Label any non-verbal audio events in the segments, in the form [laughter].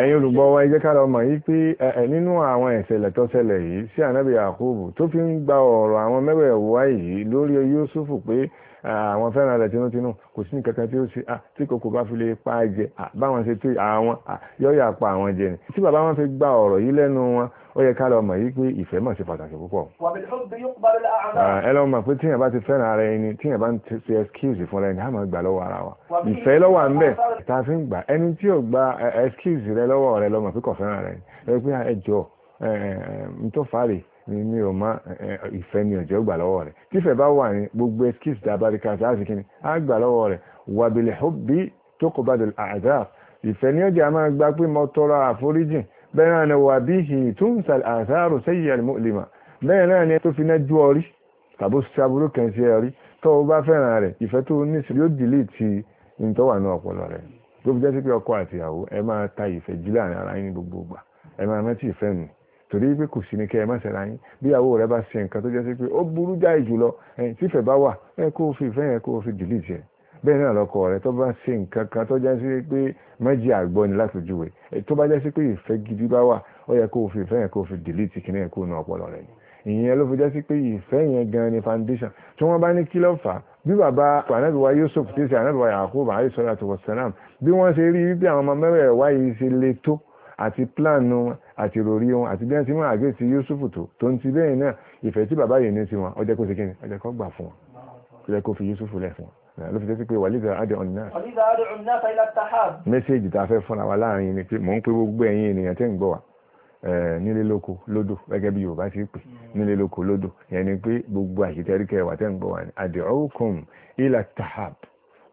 ẹ̀yin olùgbọ́ wa ẹ jẹ́ ká lọ mọ̀ yí pé nínú àwọn ìṣẹ̀lẹ̀ tó ṣẹlẹ̀ yìí sí ànábì Yakubu tó fi ń gba ọ̀rọ̀ àwọn mẹ́wẹ̀ẹ̀wò wá yìí lórí Yúsúfù pé àwọn fẹ́ràn rẹ̀ tinútinú kò sí nǹkankan tí ó ṣe tí kòkó bá fi lè pa á jẹ báwọn ṣe tó àwọn yọ̀ọ̀yà pa àwọn jẹ ni tí bàbá wọn fi gba ọ̀rọ̀ yìí lẹ́nu wọn ó yẹ ká lọ mọ̀ yí pé ìfẹ́ mọ̀ sí pàtàkì púpọ̀. Ah, ẹ lọ mọ̀ pé tíyẹn bá ti fẹ́ràn ara ẹni tíyẹn bá ń ṣe excuse fún ẹni àmọ́ gbà lọ́wọ́ ara wa ìfẹ́ lọ́wọ́ à ń bẹ̀ tá a fi ń gbà ẹni tí ò gba eh, eh, excuse rẹ lọ́wọ́ rẹ lọ́mọ̀ pé kò fẹ́ràn rẹ ẹ pé ah, ẹjọ́ eh, n tó fàárẹ̀ ni mi ò má ìfẹ́ ni ọ̀jọ́ gbà lọ́wọ́ rẹ̀ tífẹ̀ bá wà ní gbogbo excuse dábàrí kan sáàsì kìíní á gbà lọ́wọ́ rẹ̀ wàbìlẹ̀ hó bí àdáà ìfẹ́ ni ọjà máa gbà pé mo tọrọ àforíjìn bẹ́ẹ̀ náà ni wà bí hì túnsàl àṣàrò sẹ́yìn àlùmọ́lẹ́mà bẹ́ẹ̀ náà ni tó fi ná ju ọrí tàbó sábúrú kan sí ẹrí tó o bá fẹ́ràn rẹ̀ ìfẹ́ tó ní sí yóò dìlé ti ìtọ́wà náà ọpọlọ rẹ̀ tó fi jẹ́ sí pé ọkọ àtìyàwó ẹ máa ta ìfẹ́ jí láàrin ara yín gbogbo gbà ẹ máa rántí ìfẹ́ nù torí pé kò sí ní kẹ́ ẹ má ṣẹ̀ra yín bí ìyàwó rẹ bá ṣe nǹkan tó jẹ́ sí pé ó burú jáì jùlọ ẹ̀ tífẹ̀ bá wà ẹ kó o fi ìfẹ́ yẹn kó o fi dìlé tiẹ̀ bẹ́ẹ̀ náà lọ́kọ rẹ tó bá ṣe nǹkan kan tó jásí pé méjì àgbọ́ ni látòjúwe tó bá jásí pé ìfẹ́ gidi bá wà ó yẹ kó o fi ìfẹ́ yẹn kó o fi delete kìnìún yẹn kó o nu ọpọlọ rẹ ìyẹn ló fi jásí pé ìfẹ́ yẹn gan ni foundation tí wọ́n bá ní kí ló fà á bí bàbá anabiwa Yusuf tí ṣe anabiwa Yakub alayhi salatu wassalam bí wọ́n ṣe rí bí àwọn ọmọ mẹ́rẹ̀ẹ̀ wáyé ṣe le tó àti pílánù wọn àti ròrí wọn àti bí wọ́n ti mú àgé ti Yusuf tó tó ń ti bẹ́ẹ̀ náà ìfẹ́ tí bàbá yìí ní sí ọjọ́ kó ṣe kí ni ọjọ́ kó gbà fún wọn lẹ́ kó fi Yusuf lẹ̀ fún ló fi jẹ́ pé wàlídà adé ọ̀nà náà. wàlídà adé ọ̀nà náà fa ilà tahab. mẹ́sẹ̀gì tá a fẹ́ fúnra wa láàrin ni pé mò ń pé gbogbo ẹ̀yin ènìyàn tẹ́ ń gbọ́ wa nílé lóko lódò gẹ́gẹ́ bí Yorùbá ti pè nílé lóko lódò yẹn ni pé gbogbo àṣetẹ́ríkẹ́ wa tẹ́ ń gbọ́ wa ni adé ọ̀kùn ilà tahab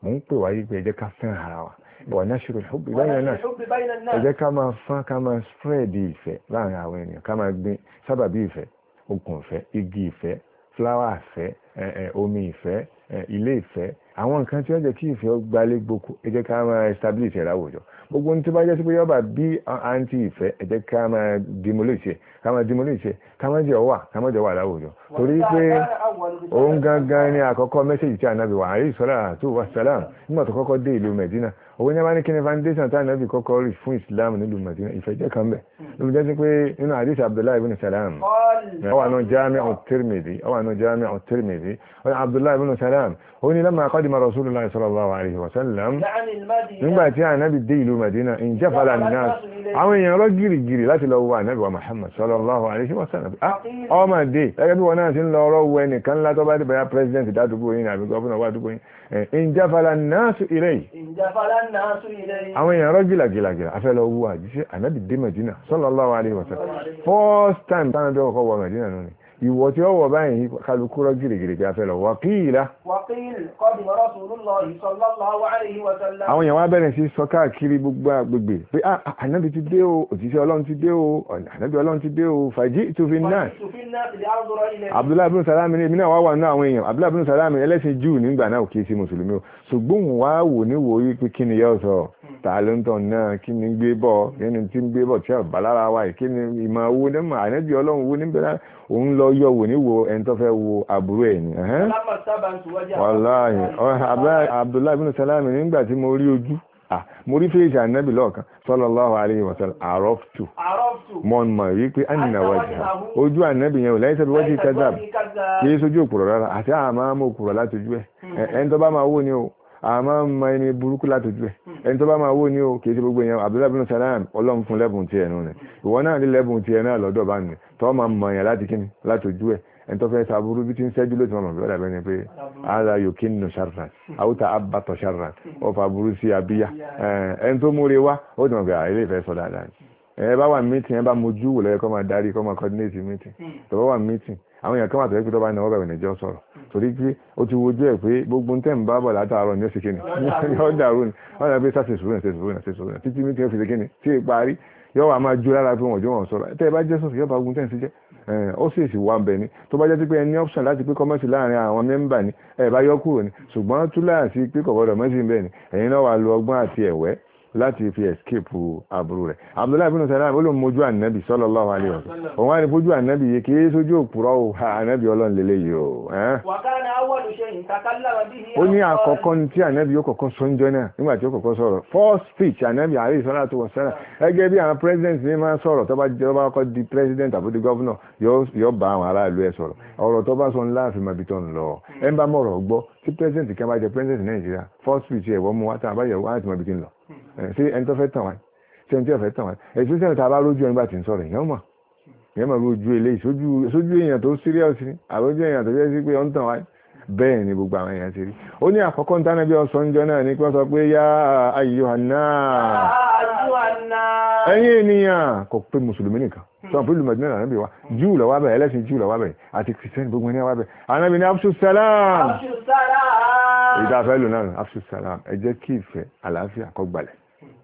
mò ń pè wáyé pé ẹ ká fẹ́ràn ara wa wà náṣírò ìhóbi báyìí náà ẹ ká máa fán ká máa spread ìfẹ́ láàrin àwọn ènìyàn ká máa gbin sábàbí ìfẹ́ okùn ìfẹ́ igi ìfẹ́ fúláwà ìfẹ́ eh, eh, omi ìfẹ́ eh, ilé ìfẹ́ àwọn nǹkan tí ó jẹ́ kí ìfẹ́ gbalé gboko ẹ jẹ́ ká máa establish ẹ̀ láwùjọ gbogbo ní tó bá jẹ́ sí pé yọba bí àǹtí ìfẹ́ ẹ jẹ́ ká máa demolish ká máa demolish ká máa jẹ́ ọwà ká máa jẹ́ ọwà láwùjọ torí pé òun gangan ni àkọ́kọ́ mẹ́sẹ̀jì tí ànábì wà àárí ìsọ́lá àti òwà sàlám nígbà tó kọ́kọ́ dé ìlú Mẹ̀dínà owó ní a bá ní kíni foundation tí ànábì kọ́kọ́ rí fún Islam nílùú Mẹ̀dínà ìfẹ́ jẹ́ kan bẹ̀ ló fi jẹ́ sí pé nínú àdìs Abdullahi ibn Salam ọwà náà Jami'u Tirmidhi ọwà náà Jami'u Tirmidhi Abdullahi Salam ó ní lọ́mọ akọ́ قدم رسول الله صلى الله عليه وسلم nígbà tí ànábì dé ìlú Madina in jafala an-nas àwọn èèyàn lọ gírígírí láti lọ wá ànábì wa Muhammad sallallahu alaihi wasallam ọmọ ah, dé gẹ́gẹ́ bí wọn náà ti ń lọ ọ̀rọ̀ wẹ nìkan ńlá tó bá dé báyà president dádúgbò yín àbí gọ́fúnà wà dúgbò yín eh, in jafala an-nas ilayhi àwọn èèyàn lọ gílagílagíla afẹ́ lọ wú àjíṣẹ́ ànábì dé Madina sallallahu alaihi wasallam first time tánàbí ọkọ̀ wọ Madina nù ni ìwọ tí ó wọ̀ báyìí kálukú rọ gìrìgìrì tí a fẹ́ lọ wà kíìlá. àwọn èèyàn wá bẹ̀rẹ̀ sí sọ káàkiri gbogbo agbègbè pé ah, ah, ànábi ti dé o òjíṣẹ́ ọlọ́run ti dé o ànábi ọlọ́run ti dé o fàjì ìtúfin náà. abdullahi bin salami ni èmi náà wá wà nínú àwọn èèyàn abdullahi bin salami ẹlẹ́sìn júù nígbà náà kì í mùsùlùmí o ṣùgbọ́n wàá wò níwòó yí pé kí ni yóò sọ ta ló ń tọ̀ náà kí ni gbé bọ̀ kí ni tí ń gbé bọ̀ tí ọ̀bá lára wa yìí kí ni ìmọ̀ owó ní mọ̀ ànábì ọlọ́run owó níbẹ̀ lára òun lọ yọ wò ní wo ẹni tó fẹ́ wo àbúrò ẹ̀ ni. abdullahi bin salami nígbà tí mo rí ojú mo rí fèsì ànábì lọ́ọ̀kan sallallahu alayhi wa sallam àrọ́fùtù mọ́ ń mọ̀ wípé ànínà wájú ojú ànábì yẹn ò lẹ́yìn sẹ́bi wájú kazab kì í sojú òkùrọ̀ rárá àti àmọ́ àmọ́ òkùrọ̀ látọjú ẹ̀ ẹ̀ ń tọ́ bá máa wò ni o àmọ́ àmọ́ ẹni burúkú látọjú ẹ̀ ẹni tó bá máa wó ní o kìí ṣe gbogbo èèyàn Abdullahi Salam ọlọ́run fún lẹ́bùn tiẹ̀ nù ni ìwọ náà ní lẹ́bùn tiẹ̀ náà lọ́dọ̀ bá nù tó máa mọ̀ yẹn láti kíni láti ojú ẹ̀ ẹni tó fẹ́ sàbúrú bí ti ń ṣẹ́jú ló ti máa mọ̀ bí ọ̀dà bẹ́ni pé ara yòókì nù sharran àwùtà abatọ̀ sharran ọ̀fà burú sí abíyá ẹni tó múre wá ó ti mọ̀ pé àìlè ah, fẹ́ sọ dáadáa ẹ bá wà mítìn ẹ bá mojú wò lẹ́yìn kọ́ máa darí kọ́ máa coordinate meeting. Hmm. tó bá wà meeting. àwọn èèyàn kan wà tó yẹ pé tó bá ní ọwọ́ bẹ̀rẹ̀ níjọ́ sọ̀rọ̀ hmm. torí pé ó ti wojú ẹ̀ pé gbogbo tẹ̀ ń bá bọ̀ látàárọ̀ ní òsìkè ni yóò [laughs] dàrú ni wọ́n dàbí sáṣẹ̀ sùúrù náà ṣe sùúrù náà ṣe sùúrù náà títí mítìn òfìsè kí ni tí ì parí yóò wà máa ju lára pé wọn ò jó wọn sọ̀rọ̀ tẹ́ ẹ bá jẹ́ sọ̀rọ̀ yóò bá gbogbo tẹ̀ ń ṣe jẹ́ ó sì sì wà bẹ̀ ni tó bá jẹ́ pé ẹni option láti pé kọ́mọ́sì láàrin àwọn mẹ́mbà ni ẹ bá yọ kúrò ni ṣùgbọ́n túláàsì pé kọ̀bọ̀dọ̀ mọ́sì ń bẹ̀ ni ẹ̀yin náà wà lo ọgbọ́n àti ẹ̀wẹ́ láti fi escape aburú rẹ̀ abdullahi bin salam ó ló mojú ànábì sallallahu alaihi wasallam òun á ní fojú ànábì yìí kì í sójú òpùrọ̀ o ha ànábì ọlọ́run lélẹ̀ yìí o. ó ní àkọ́kọ́ ní tí ànábì yóò kọ́kọ́ sọ ń jọ náà nígbà tí ó kọ́kọ́ sọ̀rọ̀ first speech ànábì alayhi salatu wassalam ẹgẹ́ bí àwọn president ní máa sọ̀rọ̀ tó bá kọ́ di president àbúdí gọ́vnọ̀ yóò bá àwọn aráàlú ẹ̀ sọ̀rọ̀ ọ̀rọ̀ tó bá sọ ńlá àfi màbí tó ń lọ ẹ̀ ń ṣé ẹni tó fẹ́ tàn wá ṣé ẹni tí ò fẹ́ tàn wá ẹ̀sìn sẹ́yìn tá a bá rójú ẹni bá ti ń sọ̀rọ̀ èèyàn mọ̀ èèyàn mọ̀ rójú eléyìí sójú èèyàn tó síríọ̀sì ni àbójú èèyàn tó jẹ́ sí pé ó ń tàn wá bẹ́ẹ̀ ni gbogbo àwọn èèyàn ti rí ó ní àkọ́kọ́ ń tánà bí ọ̀sọ́ ń jọ náà ní pé wọ́n sọ pé yá ayyuhanna ẹ̀yin ènìyàn kò pé mùsùlùmí nìkan sọ pé lùmọ̀dínà náà níbi wa júù lọ wá bẹ̀ ẹlẹ́sìn júù lọ wá bẹ̀ àti kìrìsìtẹ́nì gbogbo ní wá bẹ̀ anábì ní afṣu salam ìdáfẹ́ lò náà afṣu ẹ jẹ́ kí ìfẹ́ àlàáfíà kó gbalẹ̀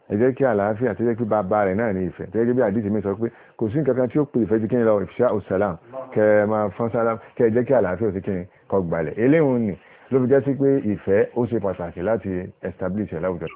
ẹ jẹ́ kí àlàáfíà tó jẹ́ kí bàbá rẹ̀ náà ní ìfẹ́ tó jẹ́ bí àdìsí mi sọ pé kò sí nǹkan kan tí ó pè ìfẹ́ ju kí n lọ ìfṣà òsàlám kẹ ẹ máa fọ́n sálám kẹ ẹ jẹ́ kí àlàáfíà òsì kí n kọ gbalẹ̀ eléhùn ni ló fi jẹ́ sí pé ìfẹ́ ó ṣe pàtàkì láti establish ẹ̀ láwùjọ.